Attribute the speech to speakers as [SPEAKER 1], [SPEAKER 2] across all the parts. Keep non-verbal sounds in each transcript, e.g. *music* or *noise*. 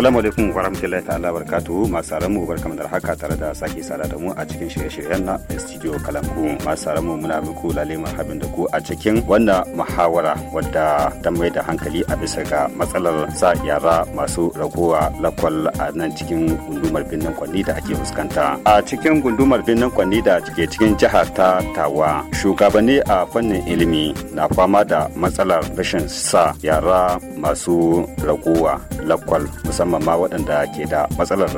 [SPEAKER 1] Assalamu alaikum wa rahmatullahi ta'ala wa masu mu barkamu da haka tare da sake sada da mu a cikin shirye-shiryen na studio Kalangu masu mu muna muku lalle marhabin da ku a cikin wannan muhawara wadda ta mai da hankali a bisa ga matsalar sa yara masu ragowa lakwal a nan cikin gundumar birnin Kwanni da ake fuskanta a cikin gundumar birnin Kwanni da ke cikin jihar ta Tawa shugabanni a fannin ilimi na fama da matsalar rashin sa yara masu ragowa lakwal musamman musamman ma waɗanda ke da matsalar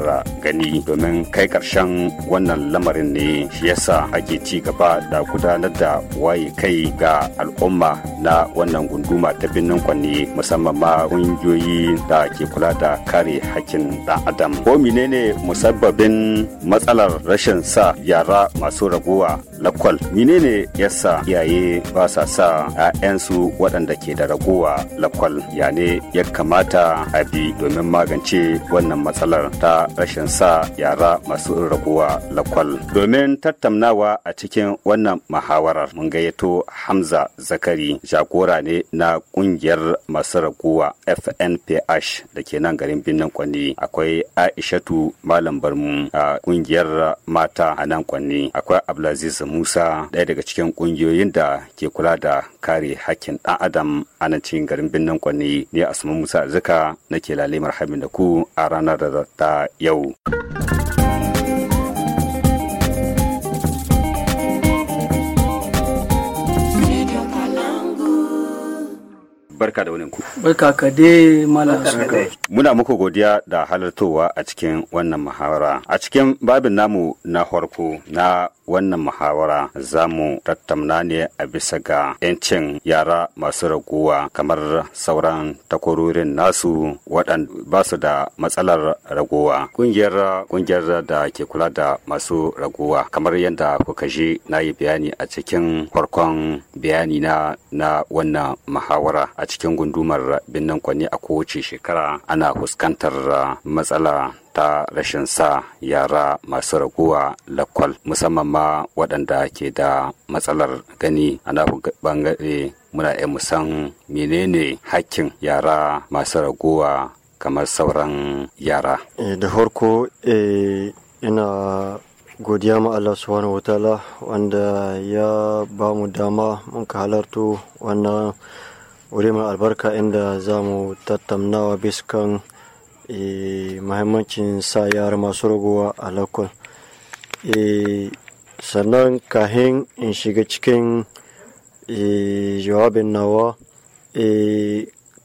[SPEAKER 1] gani domin kai ƙarshen wannan lamarin ne shi yasa ake ci gaba da gudanar da waye kai ga al'umma na wannan gunduma ta birnin kwanne musamman ma ƙungiyoyi da ke kula da kare hakkin ɗan adam ko menene musabbabin matsalar rashin sa yara masu raguwa lakwal menene yasa iyaye ba sa sa 'ya'yansu waɗanda ke da raguwa lakwal ya ne ya kamata a bi domin magani magance wannan matsalar ta rashin sa yara masu raguwa lakwal. Domin tattamnawa a cikin wannan mahawarar mun gayyato Hamza Zakari jagora ne na kungiyar masu raguwa FNPH da ke nan garin Binnan Kwanni. Akwai Aishatu Malam Barmu a kungiyar mata a nan Kwanni. Akwai Abdulaziz Musa daya daga cikin kungiyoyin da ke kula da kare hakkin ɗan adam a nan cikin garin Binnan Kwanni. ne a Musa Zika nake lalimar Hamid da ku a ranar da ta yau. barka da wani
[SPEAKER 2] Barka ka de
[SPEAKER 1] Muna muku godiya da halartowa a cikin wannan muhawara. A cikin babin namu na farko na wannan muhawara za mu tattauna ne a bisa ga 'yancin yara masu raguwa kamar sauran takwarorin nasu waɗanda ba su da matsalar raguwa. Ƙungiyar ƙungiyar da ke kula da masu raguwa kamar yadda kuka ji na yi bayani a cikin farkon bayani na na wannan muhawara a cikin gundumar binnan kwane a kowace shekara ana fuskantar uh, matsala ta rashin sa yara masu raguwa lakwal musamman ma waɗanda ke da matsalar gani ana bangare muna iya musan menene hakkin yara masu raguwa kamar sauran yara
[SPEAKER 3] eh, da farko eh, ina godiya ma Allah subhanahu wataala wanda ya ba mu dama mun halarto wannan wuri mai albarka inda za mu tattaunawa biskan e, mahimmancin sa yara masu ragowa a lakon e, sannan kahin in shiga cikin e, jawabin nawa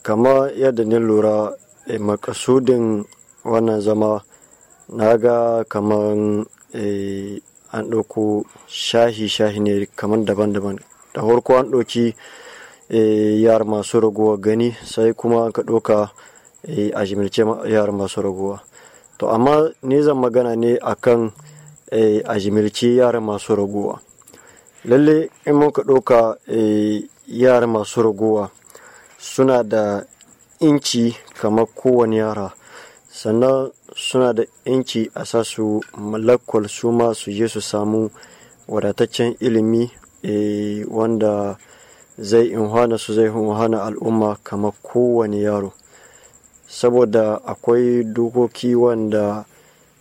[SPEAKER 3] kama yadda ni lura makasudin wannan zama na ga kamar an ɗauko shahi-shahi ne kamar daban-daban da farko an ɗauki Eh, yar masu raguwa gani sai kuma ka ɗauka eh, a jimilce yar masu raguwa to amma ne zan magana ne akan a eh, jimilce yar masu raguwa lalle in muka ɗauka yara masu raguwa suna da inci kamar kowane yara sannan suna da inci a sa su malakwal su ma su je su samu wadataccen ilimi wanda zai inhana su zai inhana al'umma kamar kowane yaro saboda akwai dokoki wanda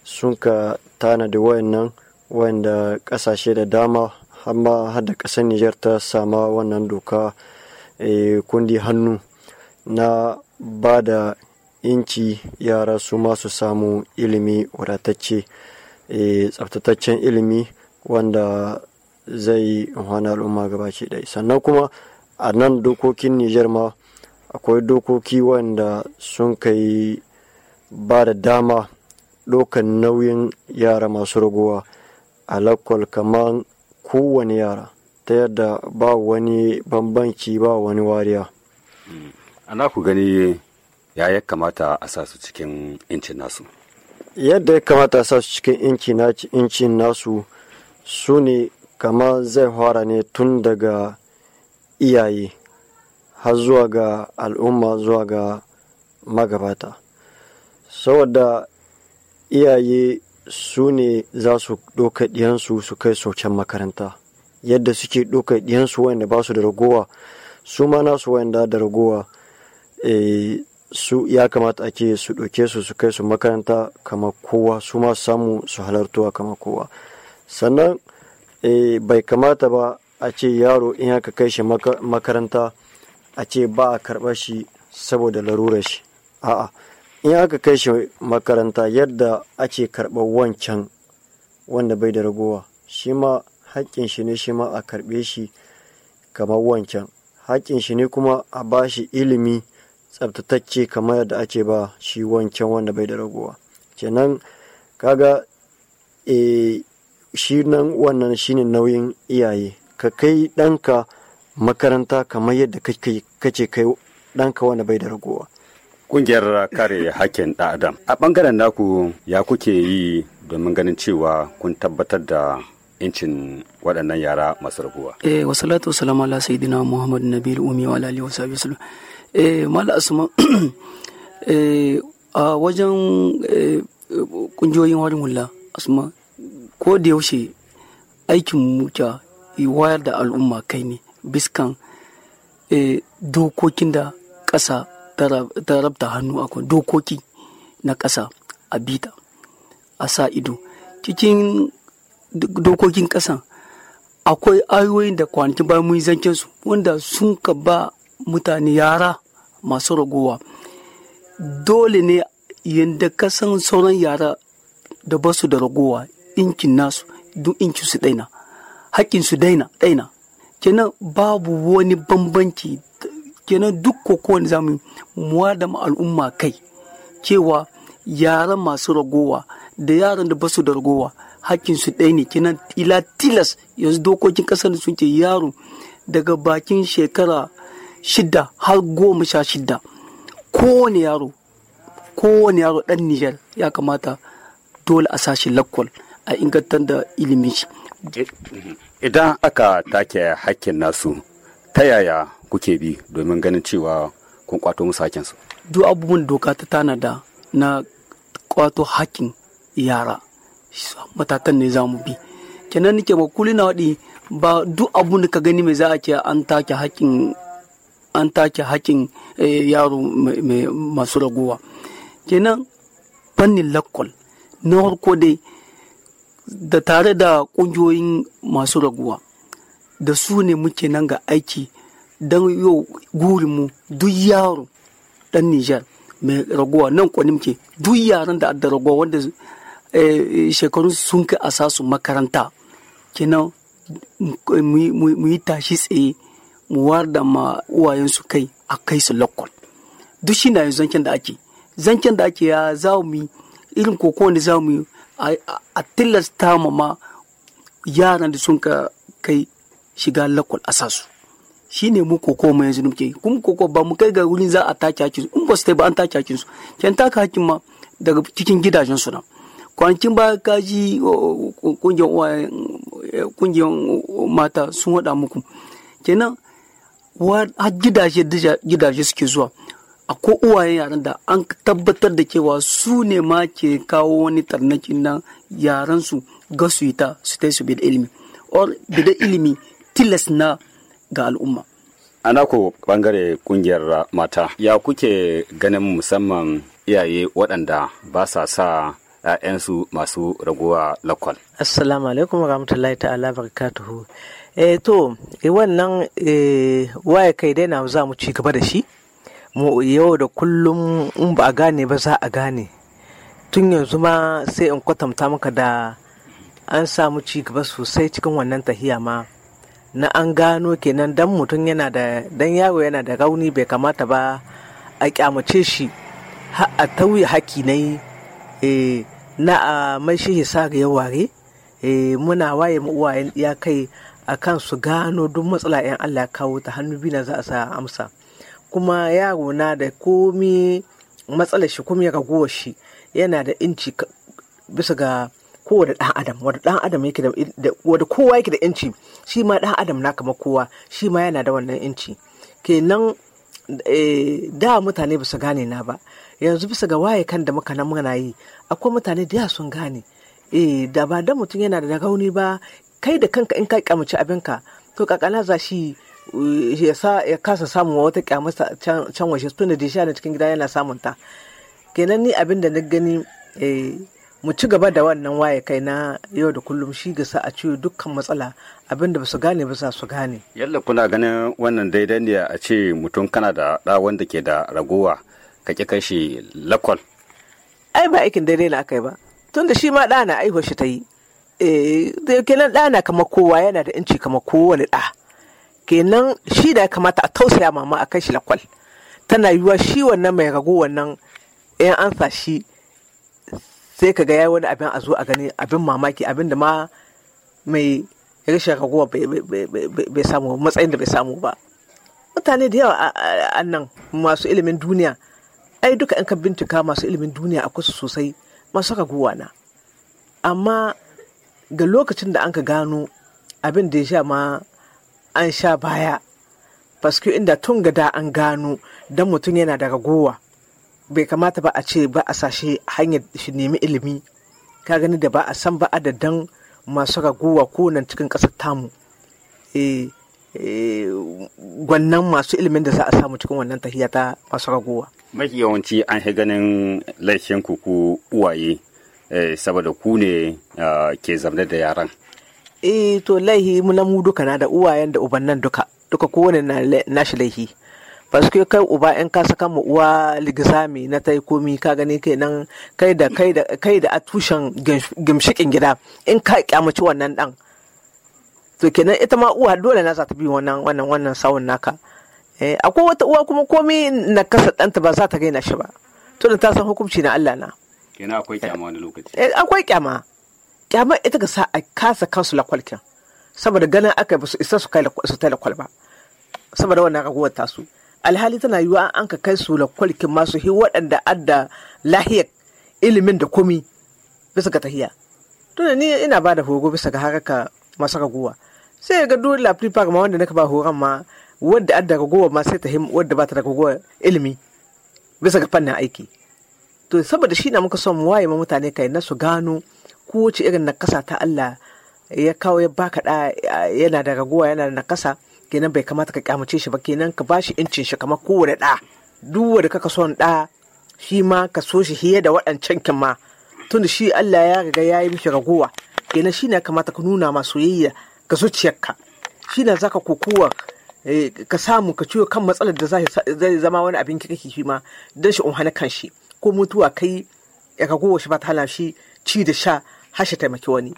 [SPEAKER 3] sun ka tanadi wayannan wanda kasashe da dama amma hada kasar Nijar ta sama wannan doka eh, kundi hannu na ba da inci yara su masu samu ilimi wadatacce eh, tsabtataccen ilimi wanda zai hana al'umma gabaki ɗaya sannan kuma a nan dokokin nijar ma akwai dokoki wanda sun kai ba da dama ɗaukan nauyin yara masu raguwa a lakwal kamar kowane yara ta yadda ba wani bambanci ba wani wariya
[SPEAKER 1] ana ku gani ya ya kamata a sa su cikin incin nasu
[SPEAKER 3] yadda ya kamata a sa su cikin incin nasu su ne kamar zai fara ne tun daga iyaye har zuwa ga al'umma zuwa ga magabata saboda iyaye su ne za su ɗauka ɗiyansu su kai saucen makaranta yadda suke ɗauka ɗiyansu wanda ba su da ragowa su ma nasu wanda da ragowa eh, su ya kamata ake su ɗauke su su kai su makaranta kama kowa su ma samu su halartuwa kama kowa sannan Eh, bai kamata ba a ce yaro in aka kai shi makaranta a ce ba a karɓar shi saboda larurar shi a'a in aka kai shi makaranta yadda a ce karɓar wancan wanda bai da ragowa shi ma haƙƙin shi ne shi ma a karɓe shi kamar wancan haƙƙin shi ne kuma a ba shi ilimi tsabtatacce kamar yadda ake ba shi wancan wanda bai da ragowa kenan kaga e, eh, shi nan wannan shine nauyin iyaye ka kai ɗanka makaranta kamar yadda kace kai ɗanka wanda bai da ragowa
[SPEAKER 1] Ƙungiyar kare hakkin ɗan adam a ɓangaren naku ya kuke yi domin ganin cewa kun tabbatar da incin waɗannan yara masu raguwa.
[SPEAKER 2] Eh wa salatu wasalamu ala sayyidina Muhammad Nabil Umi wa alihi wa sahbihi Eh mala asma *coughs* eh a wajen kungiyoyin eh, warin wula asma ko da yaushe aikin muka wayar da al'umma kai ne biskan eh, dokokin da ƙasa ta rabta hannu akwai dokoki na ƙasa a bita a sa ido cikin dokokin ƙasa akwai ayoyin da kwanakin bayan mun zancen su wanda sun ka ba mutane yara masu ragowa dole ne yadda kasan sauran yara da basu da ragowa ɗinkin nasu duk ɗinkin su daina haƙƙin su daina daina kenan babu wani bambanci kenan duk ko da zamu mu da al'umma kai cewa yaran masu ragowa da yaran da basu da ragowa hakkin su daina kenan ila tilas yanzu dokokin ƙasar sun ce yaro daga bakin shekara shida har goma sha shida kowane yaro kowane yaro ɗan Nijar ya kamata dole a sashi lakwal a ingantar da ilimin shi
[SPEAKER 1] idan aka take hakkin nasu ta yaya kuke bi domin ganin cewa kun kwato musu
[SPEAKER 2] hakkinsu duk abubuwan doka ta da na kwato hakkin yara matatan ne za mu bi kenan nike ma kuli na waɗi ba duk abun da ka gani mai za a ce an take hakkin an take hakkin eh, yaro masu raguwa kenan fannin lakwal na farko dai da tare da ƙungiyoyin masu raguwa da su ne muke nan ga aiki don yau gurinmu duk yaro ɗan Nijar mai raguwa nan kwani muke duk yaran da adda raguwa wanda eh, shekaru sun kai a sasu makaranta kenan mu yi tashi tsaye mu war da ma su kai a kai su lokal duk shi na yanzu zancen da ake zancen da ake ya za mu irin koko wanda za mu yi a tilasta ma ma yaran da sun kai shiga lakwal a sasu shi ne mu koko mai yanzu muke kun koko ba mu kai ga wurin za a take hakin in ba su ba an take hakin su kyan ka hakin ma daga cikin gidajen su nan kwanakin ba ka ji eh, kungiyar mata sun waɗa muku kenan har gidaje suke zuwa a ko uwaye yaran da an tabbatar da cewa su ne ma ke kawo wani tarnaki na yaran su ga su ta su ta su bi da ilimi or bi da ilimi tilas na ga al'umma
[SPEAKER 1] ana ku bangare kungiyar mata ya kuke ganin musamman iyaye waɗanda ba sa sa ‘ya'yansu masu raguwa lakwal.
[SPEAKER 4] Assalamu alaikum wa rahmatullahi ta'ala barakatuhu. Eh to, eh, wannan eh, waye kai dai na za mu ci gaba da shi. yau da kullum in ba a gane ba za a gane tun yanzu ma sai in kwatanta maka da an samu ci gaba sosai cikin wannan tahiya ma na an gano kenan dan mutum yana da dan yaro yana da rauni bai kamata ba a kyamace shi a tauye haki na yi eh, na a mai shi hisari ya ware eh, muna waye uwayen ya kai a kan su gano duk matsala 'yan Allah kawo ta hannu biyu na za a sa amsa kuma yaro na da komi matsalar shi kuma ya raguwar shi yana da inci bisa ga kowane ɗan adam wanda ɗan adam yake da wanda kowa yake da inci shi ma ɗan adam na kama kowa shi ma yana da wannan inci kenan eh, da mutane bisa gane na ba yanzu bisa ga waye kan da muka nan muna yi akwai mutane da sun gane eh da ba da mutum yana da rauni ba kai da kanka in ka kamace abinka to kakana za shi ya sa ya kasa samun wata kyamarsa can washe tun da na cikin gida yana samun ta kenan ni abin da na gani eh, mu ci gaba da wannan waye kai na yau da kullum shi ga sa a ciwo dukkan matsala abin da ba su gane ba sa su gane
[SPEAKER 1] yalla kuna ganin wannan daidai ne a ce mutum kana da da wanda ke da ragowa ka ki kai shi lakwal
[SPEAKER 4] ai ba aikin daidai na akai ba tunda shi ma na aihuwa shi ta yi eh kenan ɗana kama kowa yana da inci kamar kowane ɗa kenan shi da ya kamata a tausaya mama a kai shi lakwal tana yiwuwa shi wannan mai rago wannan yan ansa shi sai ka ga ya wani abin a zo a gani abin mamaki abin da ma mai rashin ragowa bai samu matsayin da bai samu ba mutane da yawa a nan masu ilimin duniya ai duka in ka bintika masu ilimin duniya a kusa sosai masu ragowa na amma ga lokacin da an ka gano abin da ya sha ma an sha baya fasku inda tun gada an gano don mutum yana da ragowa bai kamata ba a ce ba a sashe hanyar shi nemi ilimi ka gani da ba a san ba adadin masu ragowa ko nan cikin ƙasar tamu e, masu ilimin da za a samu cikin wannan tahiya ta masu ragowa
[SPEAKER 1] mafi yawanci an shi ganin laifin ku uwaye eh, saboda ku ne ah, ke zamne da yaran
[SPEAKER 4] eh to laihi muna mu duka na da uwayen da nan duka duka kowane na nashi laihi paske kai uba in ka saka mu uwa ligisami na tai komi ka gani kenan kai da kai da kai da atushan gimshikin gida in ka kyamaci wannan dan to kenan ita ma uwa dole na za ta bi wannan wannan wannan sawun naka eh akwai wata uwa kuma komi na kasa danta ba za ta gaina shi ba to da ta san hukunci na Allah na
[SPEAKER 1] kenan akwai kyama wani lokaci
[SPEAKER 4] eh, akwai kyama kyama ita ga sa a kasa kansu lakwalkin saboda ganin aka yi basu isa su kai su lakwal ba saboda wannan ragowar tasu alhali tana yiwuwa an ka kai su lakwalkin masu hi waɗanda adda lahiyar ilimin da komi bisa ga tahiya tunda ni ina ba da horo bisa ga haraka masu raguwa sai ga duk lafi fara ma wanda ka ba horon ma wadda adda raguwa ma sai ta hi wadda ba ta da ilimi bisa ga fannin aiki to saboda shi na muka son mu waye ma mutane kai na su gano kowace irin nakasa ta Allah ya kawo ya baka da yana da raguwa yana da nakasa kenan bai kamata ka kyamace shi ba kenan ka bashi incin shi kamar kowane da duk wanda kaka son da shi ma ka so shi hiye da waɗancan kin ma tun shi Allah ya riga ya yi miki raguwa kenan shi ne kamata ka nuna ma soyayya ga zuciyarka shi ne zaka kokowa eh, ka samu ka ciwo kan matsalar da zai zama wani abin ki kake shi ma dan shi umhana kan shi ko mutuwa kai ya raguwa shi ba ta hana shi ci da sha hashe taimaki wani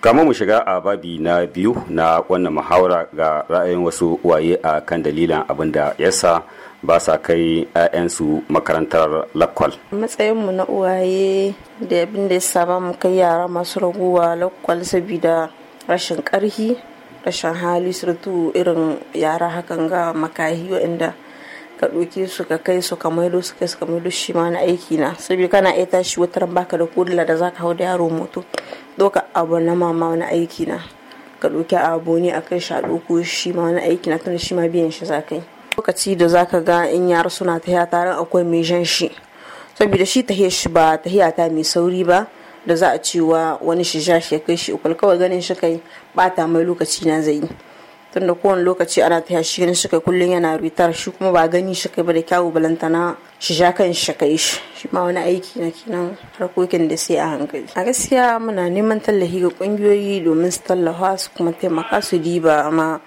[SPEAKER 1] kama mu shiga a babi na biyu na wannan muhawara ga ra'ayin wasu waye a kan dalilan abin da yasa ba sa kai 'ya'yansu makarantar lakwal
[SPEAKER 5] matsayinmu na uwaye da abin da ya ba mu kai yara masu raguwa lakwal saboda rashin karhi rashin hali surtu irin yara hakan ga makahi waanda ka ɗauke su ka kai su ka maido su kai su ka maido shi ma na aiki na saboda kana iya tashi wata ran baka da kodila da zaka hau da yaro moto ɗauka abu na mama na aiki na ka ɗauki abu ne a kai shi a ɗauko shi ma na aiki na tunda shi ma biyan shi za ka yi lokaci da zaka ga in yara suna tahiya taron akwai mai jan shi saboda shi ta shi ba hiya ta mai sauri ba da za a cewa wani shi ja shi ya kai shi kawai ganin shi kai ba ta mai lokaci na zai yi tunda kowane lokaci ana ta shi ganin shi kullum yana ritar shi kuma ba gani shi kai ba da kyawu balantana shi sha kan shi kai shi shi ma wani aiki na kenan harkokin da sai a hankali a gaskiya muna neman tallafi ga kungiyoyi domin su tallafa su kuma taimaka su diba ma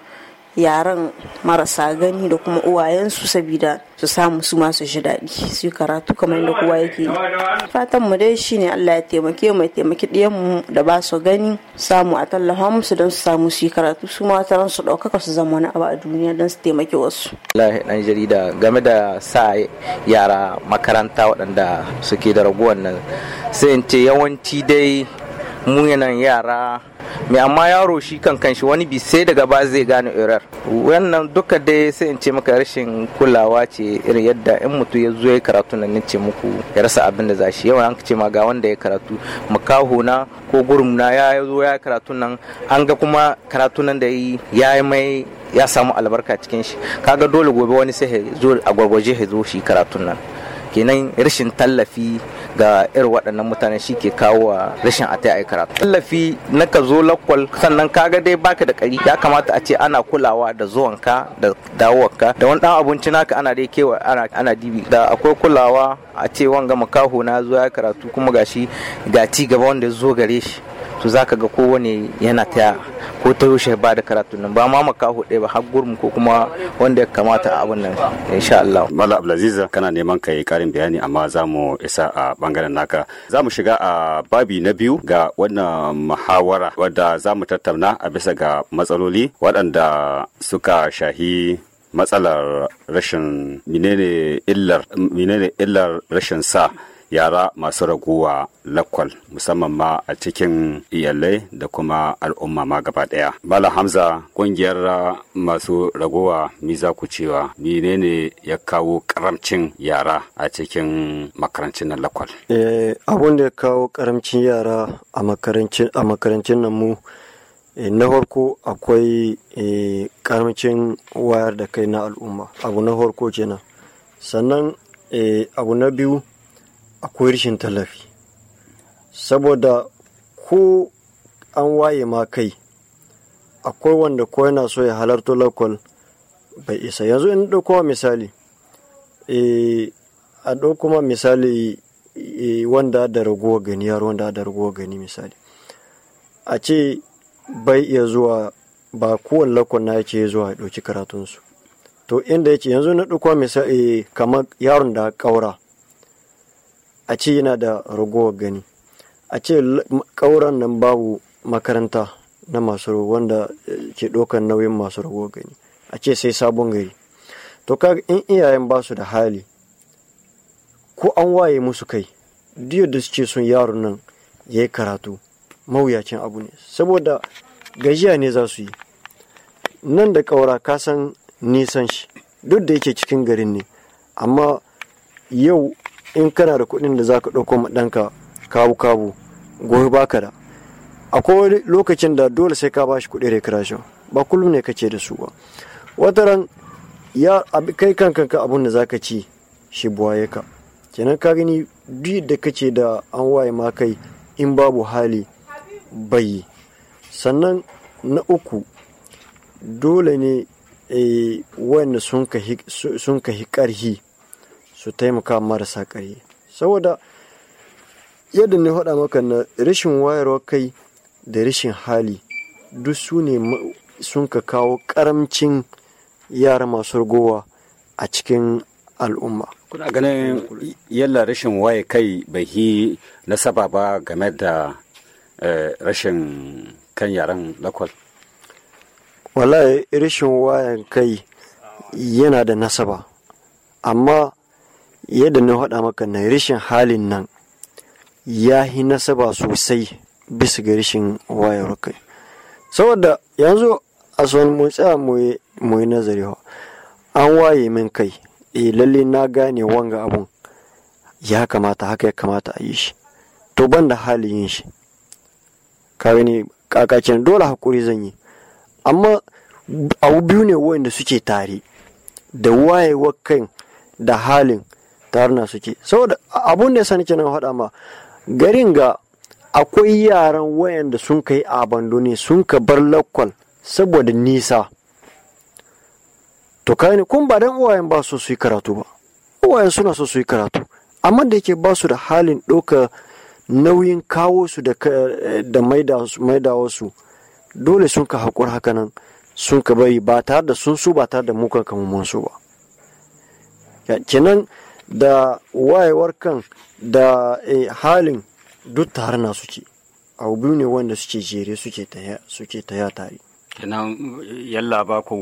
[SPEAKER 5] yaran marasa gani da kuma uwayensu sabida su samu su masu ji daɗi su yi karatu kamar da kowa yake yi fatan mu dai shine Allah ya taimake mu ya taimaki mu da ba su gani samu a tallafa musu don su samu su yi karatu su ma taron su ɗaukaka su zama wani abu a duniya don su taimaki wasu
[SPEAKER 6] Allah dan jarida game da sa yara makaranta waɗanda suke da raguwan nan sai in ce yawanci dai mu yara mai amma yaro shi kankan shi wani bi sai daga ba zai gane irar wannan duka dai sai in ce maka rashin kulawa ce irin yadda in mutum ya zo ya karatu nan ce muku ya rasa abin da za shi yawan an ce ma ga wanda ya karatu makaho na ko gurum na ya zo ya karatu nan an ga kuma karatu nan da yi ya mai ya samu albarka cikin shi kaga dole gobe wani sai ya zo a gwagwaje ya zo shi karatu nan kenan rashin tallafi ga irin waɗannan mutane shi ke kawo rashin a yi karatu tallafi na ka zo lakwal sannan kaga dai baka da ƙari. ya kamata a ce ana kulawa da zuwanka da dawowarka da wani ɗan abinci naka ana dai kewa ana dibi da akwai kulawa a ce wanga makaho na zuwa karatu kuma gashi ga ci gaba wanda ya zo gare shi to zaka ga kowane yana ta ko ta yaushe ba da karatu nan ba ma makaho ɗaya ba har gurmu ko kuma wanda ya kamata a abin nan insha Allah Mala Abdulaziz kana neman
[SPEAKER 1] ka yi karin bayani amma za mu isa a bangaren naka za mu shiga a babi na biyu ga wannan muhawara wadda za mu tattauna a bisa ga matsaloli waɗanda suka shahi matsalar rashin menene illar rashin sa yara masu raguwa lakwal musamman ma a cikin iyalai da kuma al'umma ma gaba daya. Bala Hamza kungiyar masu raguwa mi ku cewa menene ya kawo karamcin yara a cikin makarancin nan lakwal?
[SPEAKER 3] Eh, abun da ya kawo karamcin yara a makarancin nan mu eh, na farko akwai karamcin eh, wayar da kai na al'umma abu na farko kenan sannan eh, abu na biyu akwai rashin tallafi saboda ko an waye ma kai akwai wanda ko yana so ya halarta lakwal bai isa yanzu in ɗauko misali eh, a ɗauko ma misali eh, wanda da raguwa gani yaro wanda da raguwa gani misali a ce bai iya zuwa ba kowane lokal na yake zuwa ya ɗauki karatunsu to inda yake yanzu na ɗauko misali eh, kamar yaron da ƙaura a ce yana da ragowar gani a ce ƙauran nan babu makaranta na masu wanda eh, ke ɗaukar nauyin masu ragowar gani a ce sai sabon gari to kaga in iyayen ba su da hali ko an waye musu kai duk da suke son yaron nan ya yi karatu mawuyacin abu ne saboda gajiya ne za su yi nan da ƙaura san nisan shi duk da yake cikin garin ne amma yau in kana da kuɗin da zaka ɗauko ma ɗanka kabu kabu gobe ka da akwai lokacin da dole sai ka ba bashi kuɗi recreation ba kullum ne kace da su ba wataran ya kai kankan ka abun da zaka ci shi buwaye ka kenan ka gani duk da kace da an waye ma kai in babu hali bayi sannan na uku dole ne eh, wanda sun ka hi ƙarhi su taimaka marasa kai saboda yadda na faɗa maka na rashin wayarwa kai da rashin hali duk su ne sun ka kawo karamcin yara masu ragowa a cikin al'umma. Kuna
[SPEAKER 1] ganin yalla rashin waye kai bai yi nasaba ba game da eh, rashin kan yaran lakwal?
[SPEAKER 3] Wallahi rashin wayan kai yana da nasaba, amma yadda na faɗa maka na rashin halin nan ya yi nasaba sosai bisa ga rashin wayar kai saboda yanzu a son mu mu yi nazari an waye min kai e lalle na gane wanga abun ya kamata haka ya kamata a yi shi to ban da halin yin shi kawai ne kakakin dole hakuri zan yi amma abu biyu ne wanda suke tare da wayewar kan da halin tarna suke saboda abun da ya sani kenan haɗa ma garin ga akwai yaran wayan da sun kai abandone sun ka bar lakwal saboda nisa to kai ne kun ba dan uwayen ba su yi karatu ba uwayen suna so su yi karatu amma da yake ba su da halin ɗauka nauyin kawo su da maida wasu dole sun ka haƙur hakanan sun ka bari ba tare da sun su ba tare da mukan kamun su ba kenan da wayewar kan da eh, halin duk tare na suke abu biyu ne wanda suke jere suke ta ya tare
[SPEAKER 1] kenan yalla ba ku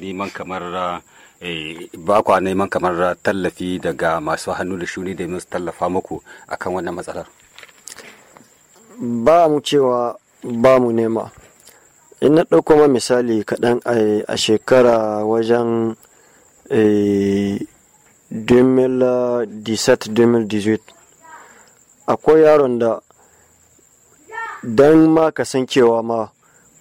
[SPEAKER 1] neman kamar eh, ba ku neman kamar tallafi daga masu hannu da shuni da su tallafa muku akan wannan matsalar
[SPEAKER 3] ba mu cewa ba mu nema in na ɗauko ma misali kaɗan eh, a shekara wajen 2017-2018 akwai yaron da don ma cewa ma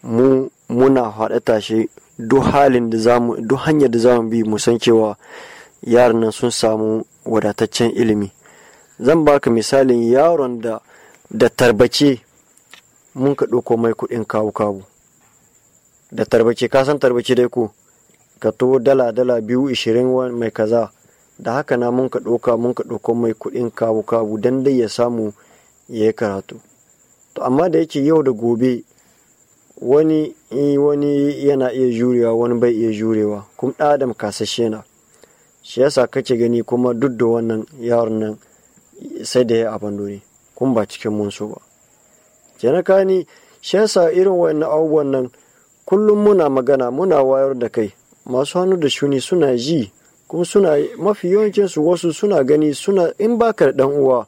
[SPEAKER 3] mu muna haɗa tashe duk halin da zamu duk hanyar da zamu bi mu san cewa yaron nan sun samu wadataccen ilimi zan baka misalin yaron da da tarbace mun ka ɗauko mai kuɗin kawo kawo da tarbace ka san tarbace dai ko ka to dala dala biyu ishirin mai kaza da haka na mun ka ɗauka mun ka ɗauko mai kuɗin kabu kabu don dai ya samu ya yi karatu to amma da yake yau da gobe wani eh, wani yana iya jurewa wani bai iya jurewa kuma ɗan adam kasashe na shi yasa kake gani kuma duk da wannan yaron nan sai da ya abin ne kuma ba cikin mun so ba kenan kani shi yasa irin wannan abubuwan nan kullum muna magana muna wayar da kai masu hannu da shuni suna ji kuma suna mafi yawancinsu wasu suna gani suna in baka da uwa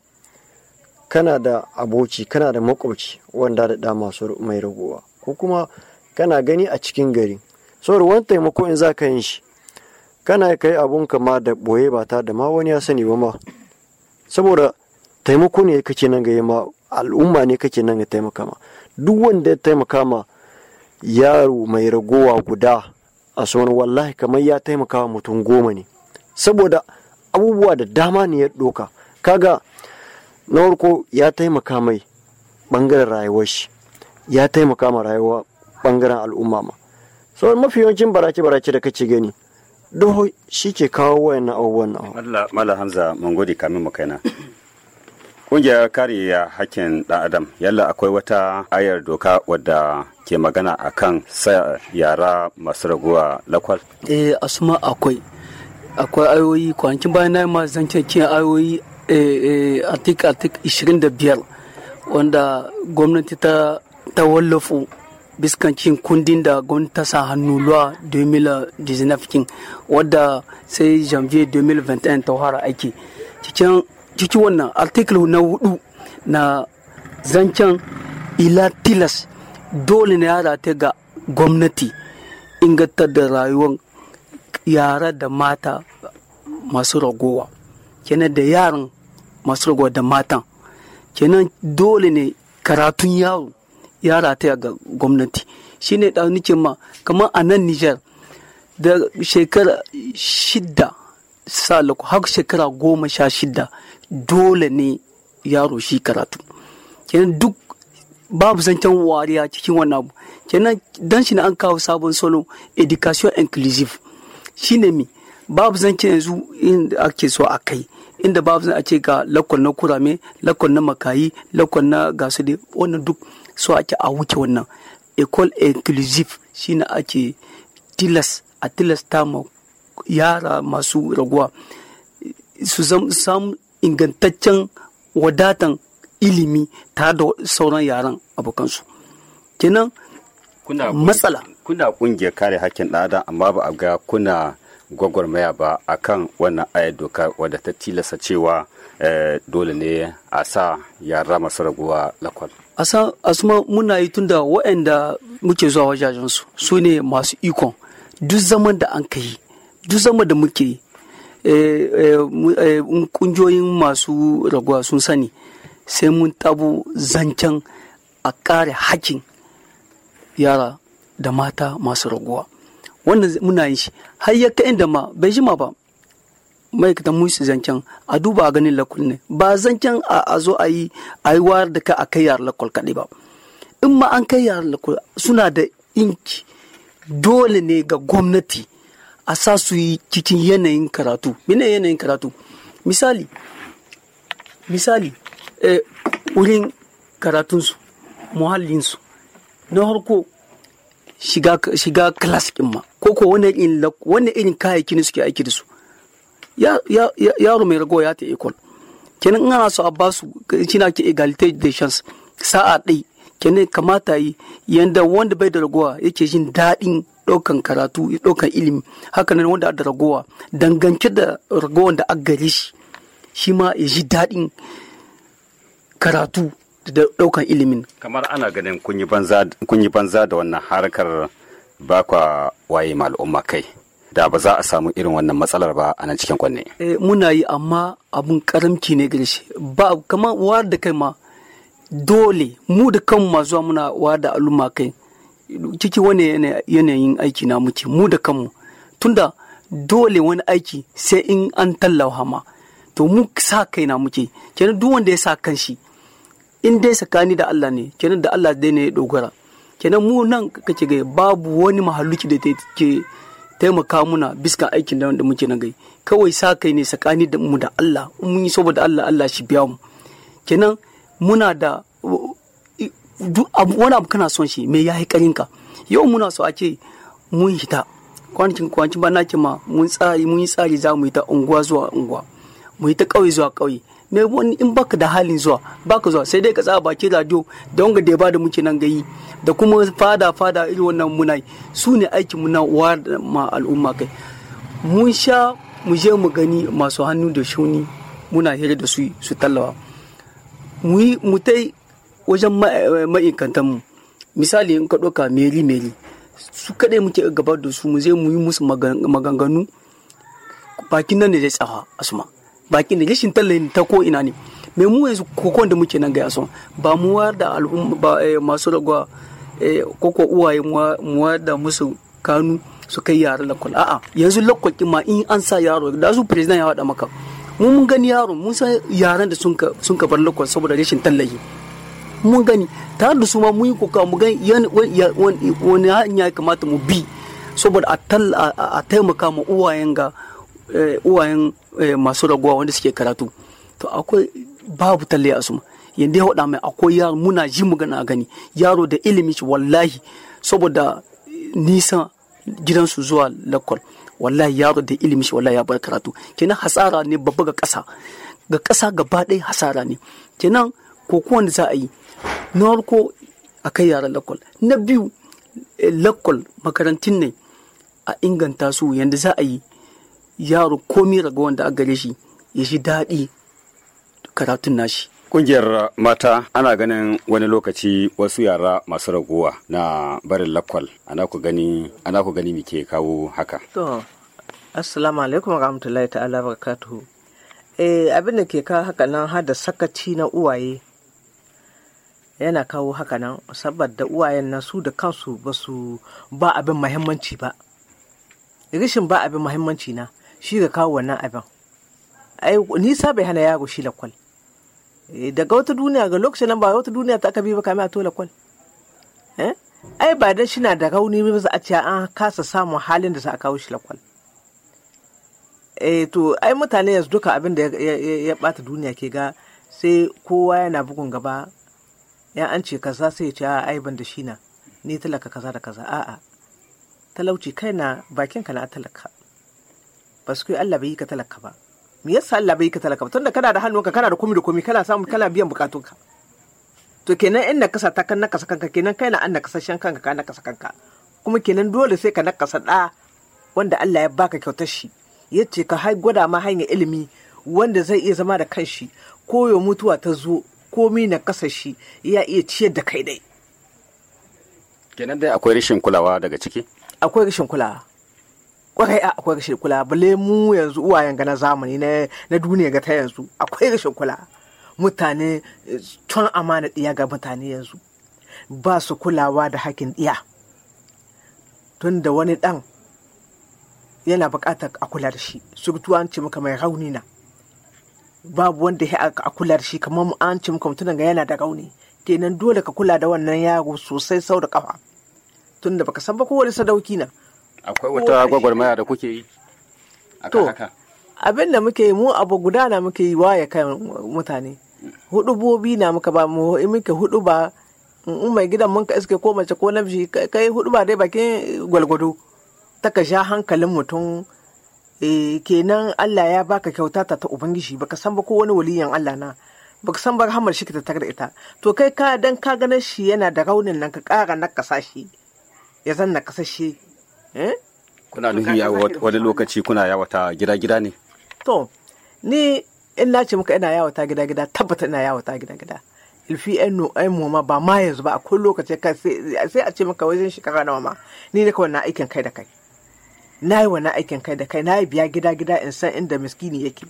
[SPEAKER 3] kana da aboci kana da makwabci wanda da dama masu mai ragowa ko kuma kana gani a cikin gari saboda wani taimako in za ka yin shi kana kai abun ka ma da boye ba ta da ma wani ya sani ba ma saboda taimako ne kake nan ga ma al'umma ne kake nan ga taimaka ma duk wanda ya taimaka ma yaro mai ragowa guda a sauran wallahi kamar ya taimaka mutum goma ne saboda abubuwa da dama ne ya ɗoka kaga na farko ya taimaka mai ɓangaren rayuwar shi ya taimaka ma rayuwa ɓangaren al'umma ma so mafi yawancin barace-barace da kace gani doho shi ke kawo wayan na abubuwan na Mala Hamza mun gode kamin mu kaina.
[SPEAKER 1] Kungiyar kare hakkin ɗan Adam yalla akwai wata ayar doka wadda ke magana akan sa yara masu
[SPEAKER 2] raguwa lakwal? Eh asuma akwai akwai ayoyi kwanakin bayan na yi ma zancen kiyan ayoyi artik artik 25 wanda gwamnati ta ta wallafo biskancin kundin da gwamnati ta sa hannu luwa 2019 wadda sai janvier 2021 ta fara aiki cikin wannan article na hudu na zancen ila tilas dole ne ya rata ga gwamnati ingantar da rayuwar yara da mata masu ragowa kenan da yaran masu ragowa da matan kenan dole ne karatun yaro yara ta ga gwamnati ne da nike ma kamar a nan Nijar da shekara shidda salaku har shekara goma sha shidda dole ne yaro shi karatu kenan duk babu zancen wariya cikin wannan abu kenan dan shi ne an kawo sabon solo education inclusive shine mi babu zance yanzu inda ake so a kai inda babu zan a ce ga lakon na kurame lakon na makayi lakon na gasu dai wannan duk so ake a wuce wannan ecole inclusive shine ake tilas a ta ma yara masu raguwa su samu ingantaccen wadatan ilimi tare da sauran yaran abokansu kenan matsala
[SPEAKER 1] kuna kungiyar kare hakkin ɗan amma ba a ga kuna gwagwarmaya ba akan wannan ayar doka wadda ta tilasta cewa eh, dole ne a sa yara masu raguwa lakwal.
[SPEAKER 2] asma muna yi tunda waɗanda muke zuwa wajajensu su ne masu ikon duk zaman da an kai duk zaman da muke yi kungiyoyin eh, eh, masu raguwa sun sani sai mun tabo zancen a kare hakkin yara da mata masu raguwa wannan muna yin shi har ya kai da ma bai jima ba ma'aikatan mun su zancen a duba a ganin lakul ne ba zancen a zo a yi a yi wayar da ka a kai yar lakul kaɗai ba in ma an kai yar lakul suna da inci. dole ne ga gwamnati a sa su yi cikin yanayin karatu mina yanayin karatu misali misali eh, wurin karatunsu muhallinsu na harko shiga shiga class din ma ko ko wani irin wani irin kayayyaki ne suke aiki da su ya ya yaro mai rago ya ta ikon kenan in ana so a ba su na ke egalite de chance sa'a dai kenan kamata yi yanda wanda bai da ragowa yake jin daɗin ɗaukan karatu ɗaukan ilimi haka nan wanda da ragowa dangance da ragowan da aggare shi shi ma ya ji daɗin karatu da daukan ilimin
[SPEAKER 1] kamar ana ganin kun yi banza da wannan harkar ba kwa waye ma kai da ba za a samu irin wannan matsalar ba a nan cikin kwanne
[SPEAKER 2] eh, muna yi amma abun karamci ne gare shi ba kamar war da kai ma dole mu da kanmu ma zuwa muna war da al'umma kai ciki wani yanayin aiki na muke mu da kanmu tunda dole wani aiki sai in an tallawa ma to mu sa kai na muke kenan duk wanda ya sa kanshi in dai tsakani da Allah ne kenan da Allah dai ne ya dogara kenan mu nan kake ga babu wani mahalluki da take taimaka muna biskan aikin da wanda muke na gai kawai sa kai ne tsakani da mu da Allah mun yi saboda Allah Allah shi biya mu kenan muna da wani abu kana son shi me yi kaninka yau muna so ce mun hita kwanakin kwanakin ba na ma mun tsari mun yi tsari za mu yi ta unguwa zuwa unguwa mu yi ta ƙauye zuwa ƙauye ne wani in baka da halin zuwa baka zuwa sai dai ka tsaya bakin radio da wanga da ya da muke nan gayi da kuma fada fada irin wannan munai su ne aikin muna wa ma al'umma kai mun sha mu je mu gani masu hannu da shuni muna hira da su su tallawa mu yi mu tai wajen eh, ma'aikantan mu misali in ka ɗauka meri meri su kaɗai muke gabar da su mu je mu yi musu maganganu bakin nan ne zai tsawa asuma bakin da rashin tallafin ta ko ina ne me mu yanzu kokon da muke nan ga yaso ba mu da al'umma eh, masu ragwa eh, ko koko uwaye mu da musu kanu su kai yara lakwal a'a yanzu lakwal ma in an sa yaro da su president ya wada maka mu mun gani yaro mun san yaran da sun ka bar lakwal saboda rashin tallahi mun gani tare da su ma mun yi kokawa mu gani wani hanya ya kamata mu bi saboda a taimaka ma uwayen ga Eh, uwayen eh, masu raguwa wanda suke karatu to akwai babu talle a suma yanda ya faɗa mai akwai yaro muna ji mu gana gani yaro da ilimi wallahi saboda nisan gidansu zuwa lakwal wallahi yaro da ilimi shi wallahi ya bar karatu kenan hasara ne babba ga ƙasa ga ƙasa gaba ɗaya hasara ne kenan ko da za a yi na farko a kai yaran lakwal na biyu eh, lakwal makarantun ne a inganta su yadda za a yi yaro komi raga da aka gare shi ya shi daɗi karatun nashi
[SPEAKER 1] Ƙungiyar mata ana ganin wani lokaci wasu yara masu raguwa na barin lakwal ana ku gani ana ku gani muke kawo haka.
[SPEAKER 4] To, assalamu alaikum rahmatullahi ta'ala barakatuhu. Eh abin da ke kawo haka nan har da sakaci na uwaye yana kawo haka nan saboda uwayen nan su da kansu ba su ba abin muhimmanci ba. Rishin ba abin muhimmanci na. shi ga kawo wannan abin ai nisa bai hana yaro shi lakwal eh, daga wata duniya ga lokacin nan ba wata duniya ta aka bi ba kame a to lakwal eh, ai ba dan shina da rauni ba za a ce an kasa samun halin da za a kawo shi lakwal eh, to ai mutane yanzu duka abin da ya bata duniya ke ga sai kowa yana bugun gaba ya an ce kaza sai ya ce a ai ban da shi na ni talaka kaza da kaza a'a talauci kai na bakin ka na talaka ba su Allah bai yi ka talaka ba me yasa Allah bai yi ka talaka ba tunda kana da hannunka kana da komi da komi kana samun kana biyan bukatunka to kenan in nakasa ta kan nakasa kanka kenan kai na an shan kanka ka nakasa kanka kuma kenan dole sai ka nakasa da wanda Allah ya baka kyautar shi yace ka hai gwada ma hanyar ilimi wanda zai iya zama da kanshi ko ya mutuwa ta zo komi na kasa shi ya iya ciyar da kai dai
[SPEAKER 1] kenan dai akwai rashin kulawa daga ciki
[SPEAKER 4] akwai rashin kulawa kwarai a akwai rashin kula bale mu yanzu uwayen ga na zamani na duniya ga ta yanzu akwai rashin kula mutane tun eh, amana ɗiya ga mutane yanzu ba su kulawa da hakin ɗiya tun da wani ɗan yana buƙatar a kula da shi surutu an ce muka mai rauni na babu wanda ya a kula da shi kamar an ce muka mutum ga yana da rauni kenan dole ka kula da wannan yaro sosai sau da kafa tun da baka san ba kowane sadauki na
[SPEAKER 1] akwai wata gwagwarmaya da kuke yi
[SPEAKER 4] a haka abin da muke yi mu abu guda na muke yi waya kan mutane bobi na muka ba mu muke hudu ba in mai gidan mun ka iske ko mace ko namshi kai hudu ba dai bakin gwalgwado ta ka sha hankalin mutum eh, kenan Allah ya baka kyauta ta ta ubangiji baka san ba ko wani waliyan Allah na baka san ba hamar shi ka tattara da ita to kai ka dan ka ganin shi yana da raunin nan ka kara nakasa shi ya zan nakasa shi eh
[SPEAKER 1] kuna nufin wani lokaci kuna yawata gida-gida ne
[SPEAKER 4] to ni in na ce muka ina yawata gida-gida tabbata ina yawata gida-gida ilfi yan ma ba ma yanzu ba a kun lokaci sai a ce maka wajen shekara nawa ma ni ne kawai na aikin kai da kai na yi wani aikin kai da kai na yi biya gida-gida in san inda miskini yake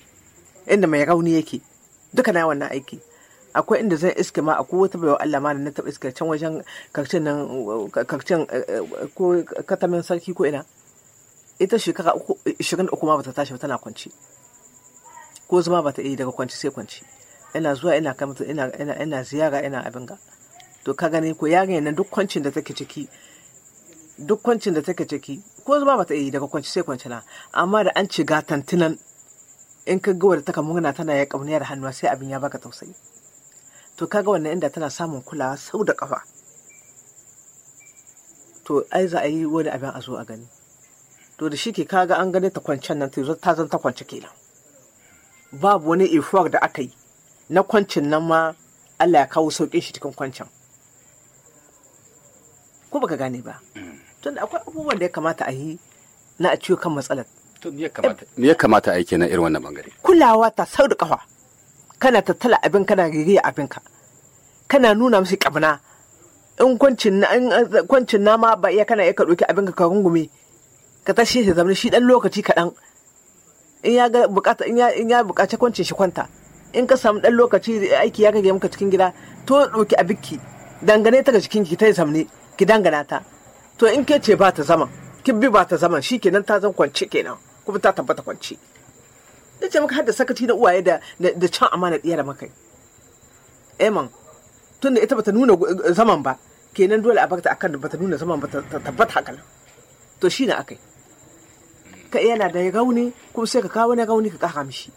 [SPEAKER 4] inda mai rauni yake duka na yi wannan aiki akwai inda zan iske ma akwai wata bayan Allah ma na taɓa iske can wajen kakcin nan eh, ko katamin sarki ko ina ita shekara 23 ma bata tashi ba tana kwanci ko zama bata yi daga kwanci sai kwanci ina zuwa ina kamata ina ina ziyara ina abin ga to ka gani ko yarinya nan duk kwancin da take ciki duk kwancin da take ciki ko zama bata yi daga kwanci sai kwanci na amma da an ci gatantinan in ka ga wadda taka murna tana ya kauniyar hannuwa sai abin ya baka tausayi to kaga wannan inda tana samun kulawa sau da kafa to ai za a yi wani abin a zo a gani to da shi ke kaga an gane ta kwancen nan ta zan ta kwance kenan babu wani ifuwar da aka yi na kwancin nan ma Allah ya kawo sauƙin shi cikin kwancin ko baka gane ba tunda akwai abubuwan da ya kamata a yi na a ciwo kan matsalar me
[SPEAKER 1] ya kamata a yi kenan irin wannan bangare
[SPEAKER 4] kulawa ta sau da kafa kana tattala abin kana rigiya abinka kana nuna musu kabna in kwancin nama eh, ba iya kana iya ka ɗauki abinka ka rungume ka tashi shi zama shi ɗan lokaci kaɗan in ya bukata in ya bukaci kwancin shi kwanta in ka samu ɗan lokaci eh, aiki ya gage maka cikin gida to ɗauki abinki dangane ta ga cikin ki ta yi zamne ki dangana ta to in ke ce ba ta zaman kin bi ba ta zaman shi kenan ta zan kwance kenan kuma ta tabbata kwance. ta ce maka har da sakaci na uwaye da da can amana ɗiya da makai eman eh, tunda ita bata nuna zaman ba kenan dole a bakta akan bata nuna zaman ba ta tabbata haka to shi na akai ka yana da gauni kuma sai ka kawo na gauni ka kaka mishi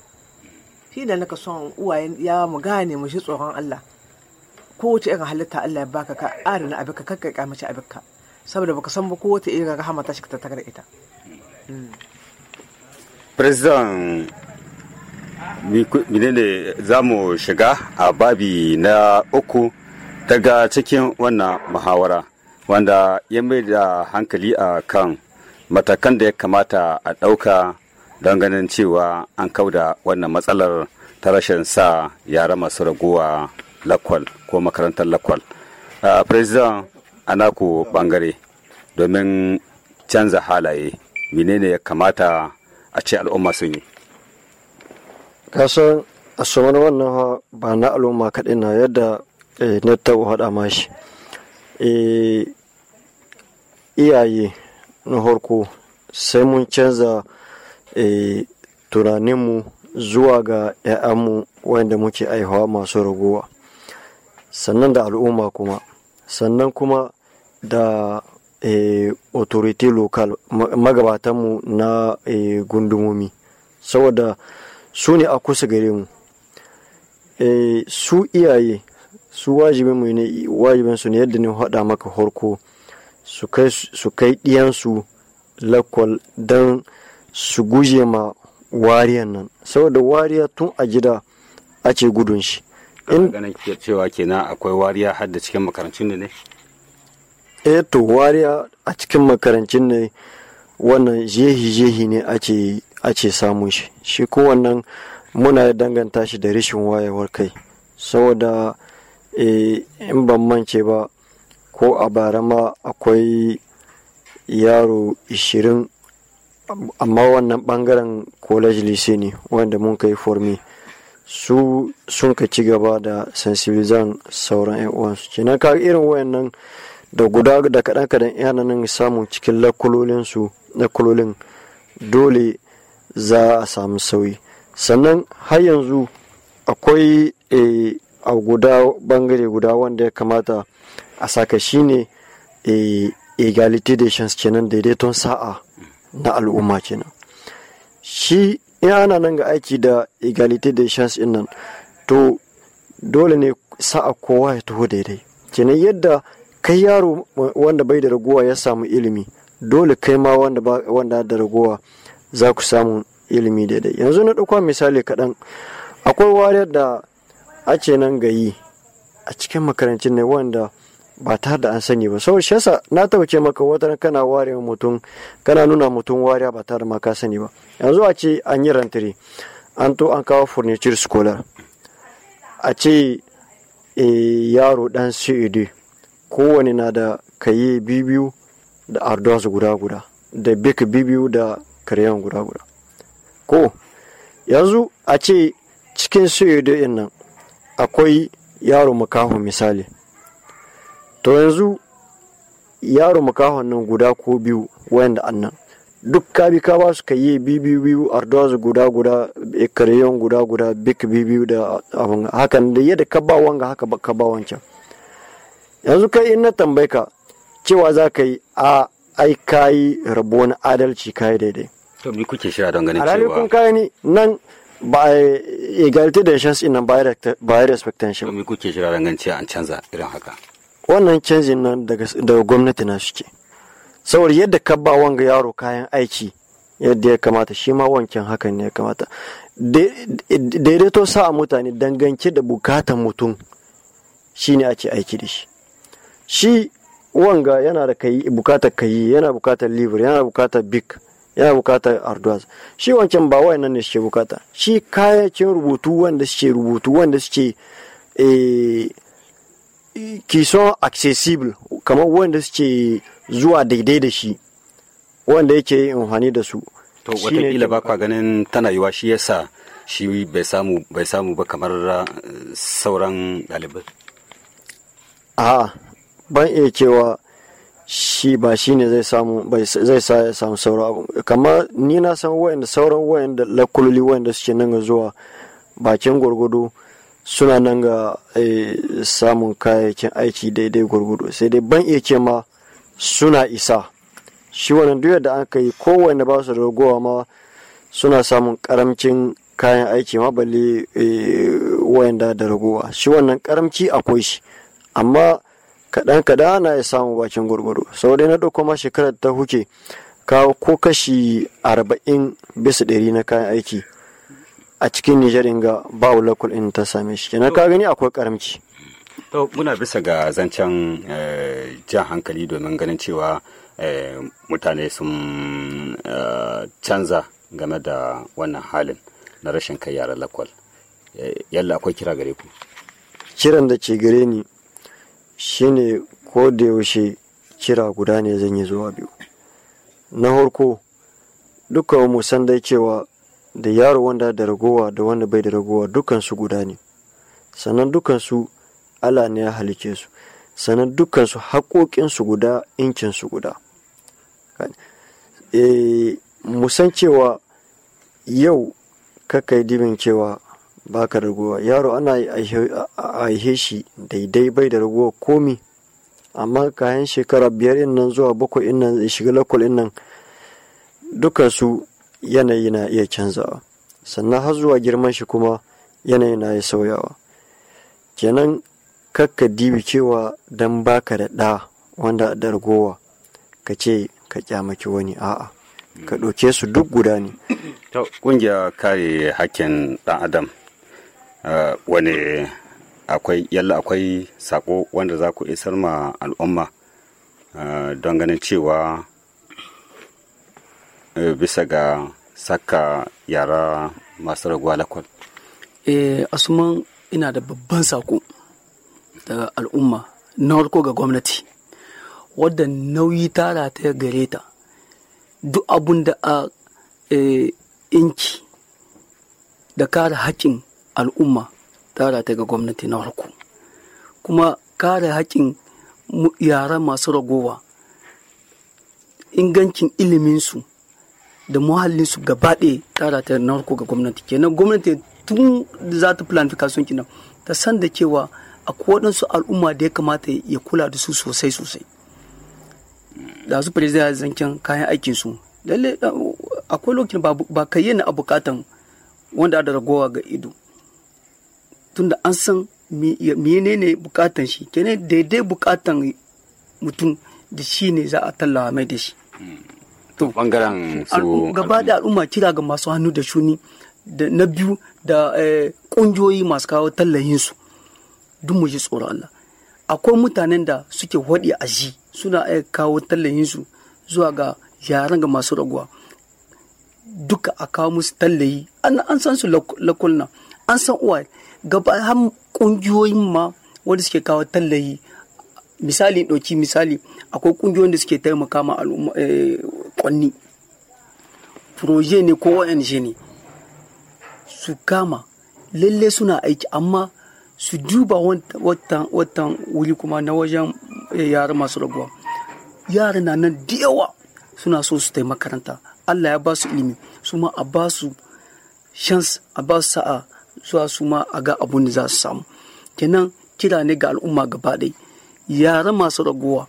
[SPEAKER 4] shi da naka son uwayen ya mu gane mu shi tsoron Allah kowace irin halitta Allah ya baka ka arina abinka kakka kamace abinka saboda baka san ba kowace irin rahama ta shi ta tagar ita hmm.
[SPEAKER 1] President ne za mu shiga a babi na uku daga cikin wannan muhawara wanda ya mai da hankali a kan matakan da ya kamata a ɗauka don ganin cewa an kauda wannan matsalar ta rashin sa yara masu raguwa lakwal ko makarantar lakwal. ana ku bangare domin canza halaye menene ya kamata a ce al'umma sun yi.
[SPEAKER 3] kasan asumar wannan ba na al'umma kaɗai na yadda eh, na taɓa haɗa mashi eh, iyaye na harko sai mun canza eh, tunaninmu zuwa ga 'ya'yanmu wanda muke aihawa masu ragowa sannan da al'umma kuma sannan kuma da authority local magabatanmu na gundumomi saboda su ne a kusa gare mu eh, su iyaye su wajibin mu ne wajibin su ne yadda ne hada maka horko su kai ɗiyansu lakwal don su guje ma wariyan nan saboda wariya tun a gida ce gudun shi
[SPEAKER 1] in ganin cewa kenan akwai wariya har da cikin makarantun ne
[SPEAKER 3] e to wariya a cikin makarantun ne wannan jehi jehi ne ake a ce samun shi shi kowannan muna danganta shi da rashin wayewar kai saboda eh, in ban mance ba ko a bara ma akwai yaro 20 amma wannan bangaren college lycée ne wanda mun kai formi su sun ka ci gaba da sensibilizan sauran 'yan uwansu kenan ka irin wayannan da guda da kaɗan kaɗan yananin samun cikin lakulolinsu lakulolin dole za a samu sauyi sannan har yanzu akwai eh, a guda bangare guda wanda ya kamata a saka shine eh, egality da shans kenan daidaiton sa'a na al'umma kenan shi in ana nan ga aiki da egality da shans nan to dole ne sa'a kowa ya taho daidai kenan yadda kai yaro wanda bai da raguwa ya samu ilimi dole kai ma wanda da raguwa za ku samu ilimi daidai yanzu na ɗauka misali kaɗan akwai wariyar da a ce nan gayi a cikin makarancin ne wanda ba ta da an sani ba saboda shasa na tauce maka wata kana ware mutum kana nuna mutum wariya ba ta da maka sani ba yanzu a ce an yi rantiri an to an kawo furniture scholar a ce eh, yaro dan ced kowane na da kayi bibiyu da arduas guda guda da bik bibiyu da karewan guda guda ko yanzu a ce cikin suyoyin nan akwai yaro makaho misali to yanzu yaro makahon nan guda ko biyu wayanda annan duk ka bi ka ba su kayi biyu biyu ardoz guda guda kareyon guda guda bik biyu da abin hakan da yadda ka ba wanga haka ka ba wancan yanzu kai in na tambaye ka cewa za ka yi a ai yi rabo na adalci kayi daidai to me kuke shira don ganin cewa alhali kun kai ni nan ba eh, egality da shans in by expectation to me kuke shira don ganin cewa an canza irin haka wannan canjin nan daga gwamnati na suke saboda yadda ka ba wanga yaro kayan aiki yadda ya kamata shi ma wancan hakan ne ya kamata daidaito sa a mutane dangance da bukatan mutum shi ne ake aiki da shi shi wanga yana da bukatar kayi yana bukatar liver yana bukatar bik yana bukatar arduaz shi wancan ba wayannan ne suke bukata shi kayakin rubutu wanda suke rubutu wanda suke qui eh, sont accessible kamar wanda suke zuwa daidai da shi wanda yake amfani da su to watakila ba
[SPEAKER 1] kwa ganin tana yiwa shi yasa shi bai samu bai samu ba kamar eh, sauran ɗalibai
[SPEAKER 3] a ban iya cewa shi ba shi ne zai samu zai sa ya samu sauro kamar ni na san wayanda sauran wayanda lakuloli wayanda suke nan ga zuwa bakin gwargwado suna nan ga eh, samun kayayyakin aiki daidai gwargwado sai dai ban iya ce ma suna isa shi wannan duk da aka yi kowanne ba su ragowa ma suna samun karamcin kayan aiki ma balle eh, wayanda da ragowa shi wannan karamci akwai shi amma kaɗan kaɗan ana ya samu bakin gurguru sau dai na ɗauko ma shekarar ta huke kawo ko kashi arba'in bisa ɗari na kayan aiki a cikin nijar inga ba wula in ta same shi kenan ka gani akwai karamci
[SPEAKER 1] to muna bisa ga zancen eh, jan hankali domin ganin cewa eh, mutane sun eh, canza game da wannan halin na rashin kai yara lakwal
[SPEAKER 3] yalla akwai kira gare ku kiran da ke gare ni shine ko da yaushe kira guda ne zan yi zuwa biyu na harko dukkan mu san dai cewa da yaro wanda da ragowa da wanda bai da ragowa su guda ne sannan dukansu ala ne ya halice su sannan dukansu su guda su guda e, eh, musan cewa yau kakai dibin cewa baka da ragowa yaro ana aihe shi daidai bai da ragowa komi amma kayan shekara biyar in nan zuwa bakwai in nan shiga lakwal in nan dukansu yanayi na iya canzawa sannan har zuwa girman shi kuma yanayi na ya sauyawa kenan kakka dibi cewa don baka da ɗa wanda da ragowa ka ce ka kyamaki wani a'a ka ɗauke su duk guda ne. ta ƙungiyar kare hakkin ɗan adam
[SPEAKER 1] Ah, wani akwai yalla akwai sako wanda za ku isar ma al'umma ah, don ganin cewa eh, bisa ga saka yara masu raguwa lakwal
[SPEAKER 2] eh, asuman ina da babban sako daga al'umma na harko ga gwamnati wadda nauyi tara ta gare ta duk abun da a inki eh, da kare haƙƙin al'umma ta rata ga gwamnati na harku kuma kare haƙƙin yara masu ragowa ingancin iliminsu da muhallinsu gaba ɗaya ta rata na harku ga gwamnati kenan gwamnati tun za ta planification kenan ta san da cewa akwai waɗansu al'umma da ya kamata ya kula da su sosai sosai da su zai zancen kayan aikinsu lalle akwai lokacin ba ka na a bukatan wanda da ragowa ga ido tunda an san menene bukatan shi kene daidai bukatan mutum da shi ne za a tallawa mai da shi to bangaren su gaba da al'umma kira ga masu hannu da shuni da na biyu da eh, kungiyoyi masu kawo tallahin su duk mu ji tsoron Allah akwai mutanen da suke waɗi a ji suna kawo tallahin su zuwa ga yaran ga masu raguwa duka a kawo musu tallayi an san su lakulna an san uwaye gaba har kungiyoyin ma wanda suke kawo tallayi misali ɗauki misali akwai kungiyoyin da suke taimaka ma al'umma kwanni eh, proje ne ko ong ne su kama lalle suna aiki amma su duba watan wuri kuma na wajen eh, yara masu raguwa yara na nan da yawa suna so su taimakaranta Allah ya ba su ilimi su ma a ba su shans a ba su sa'a suwa su ma a ga abun da za su samu kenan kira ne ga al'umma gaba ɗai yara masu ragowa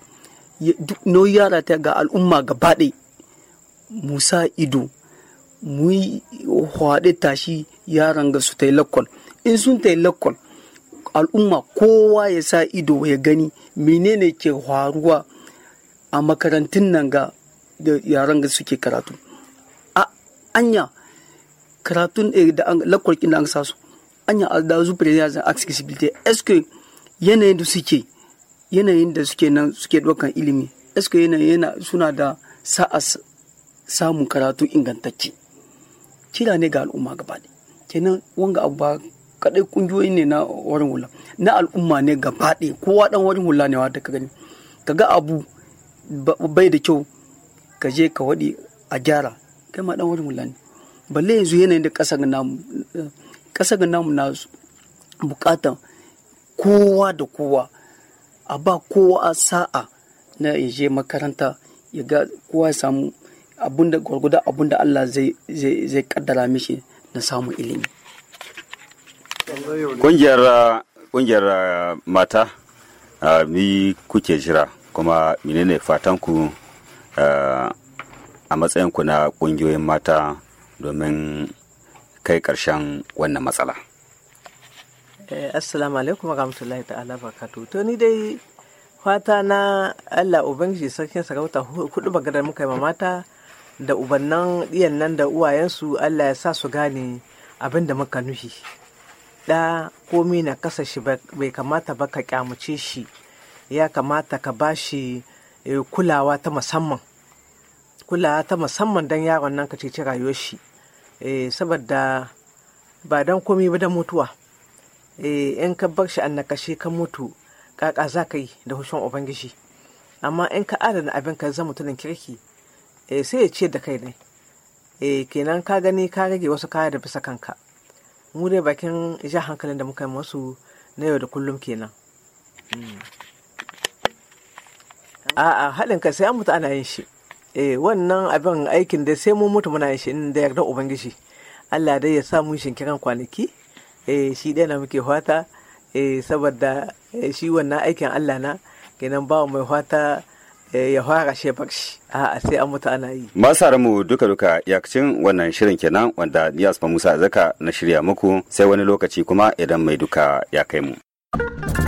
[SPEAKER 2] duk nauyi yara ta ga al'umma gaba ɗai musa ido mu yi hwaɗe tashi yaran ga su ta yi lakwal in sun ta yi lakwal al'umma kowa ya sa ido ya gani menene ke faruwa a makarantun nan ga yaran ga suke karatu a anya karatun eh, da lakwarkin da an sa su anya da su president accessibility est-ce que yanayin da suke yanayin da suke nan suke dokan ilimi est-ce que yanayin suna da sa'a samun karatu ingantacce kira ne ga al'umma gaba kenan wanga abu ba kadai kungiyoyi ne na warin hula na al'umma ne gaba da kowa dan warin hula ne wanda ka gani kaga abu bai da kyau ka je ka wadi a gyara kai ma dan warin hula ne balle yanzu yanayin da ƙasar namu eh, ƙasar namu na bukatan kowa da kowa a ba kowa a sa'a na ya je makaranta ya ga kowa ya samu abinda gwargwada abinda Allah zai kaddara mishi na samun ilimi.
[SPEAKER 1] Kungiyar ah, mata ni ah, kuke jira kuma menene fatanku ah, a matsayinku na kungiyoyin mata domin kai ƙarshen wannan matsala.
[SPEAKER 4] Eh, assalamu alaikum warahmatullahi ta'ala barakatuh. To ni dai fata na Allah Ubangiji sarkin sarauta kudu bagadar muka yi mata da ubannan ɗiyan nan da uwayensu Allah ya sa su gane abin da muka nuhi. Da komi na kasa shi bai kamata ba ka kyamuce shi ya kamata ka ba shi eh, kulawa ta musamman. Kulawa ta musamman don yaron nan ka ceci rayuwar shi. Eh, saboda ba dan komi ba da mutuwa eh, in ka bar shi nakashe ka mutu kaka za ka yi da hushin ubangiji amma in ka adana abin ka zama mutumin kirki eh, sai ya ce da kai ne kenan ka gani ka rage wasu kaya da bisa kanka mu dai bakin ja hankalin da muka yi masu na yau da kullum kenan hmm. a'a haɗin ka sai an mutu ana yin shi eh wannan abin aikin da sai mu mutu muna shi in da yarda ubangiji Allah dai ya samu shinkiran kwanaki eh shi dai na muke fata eh saboda eh, shi wannan aikin Allah na kenan ba mai fata eh, ya fara shi a sai an mutu ana yi.
[SPEAKER 1] Masu mu duka duka yakcin wannan shirin kenan wanda Niyas Musa Zaka na shirya muku sai wani lokaci kuma idan mai duka ya kai mu.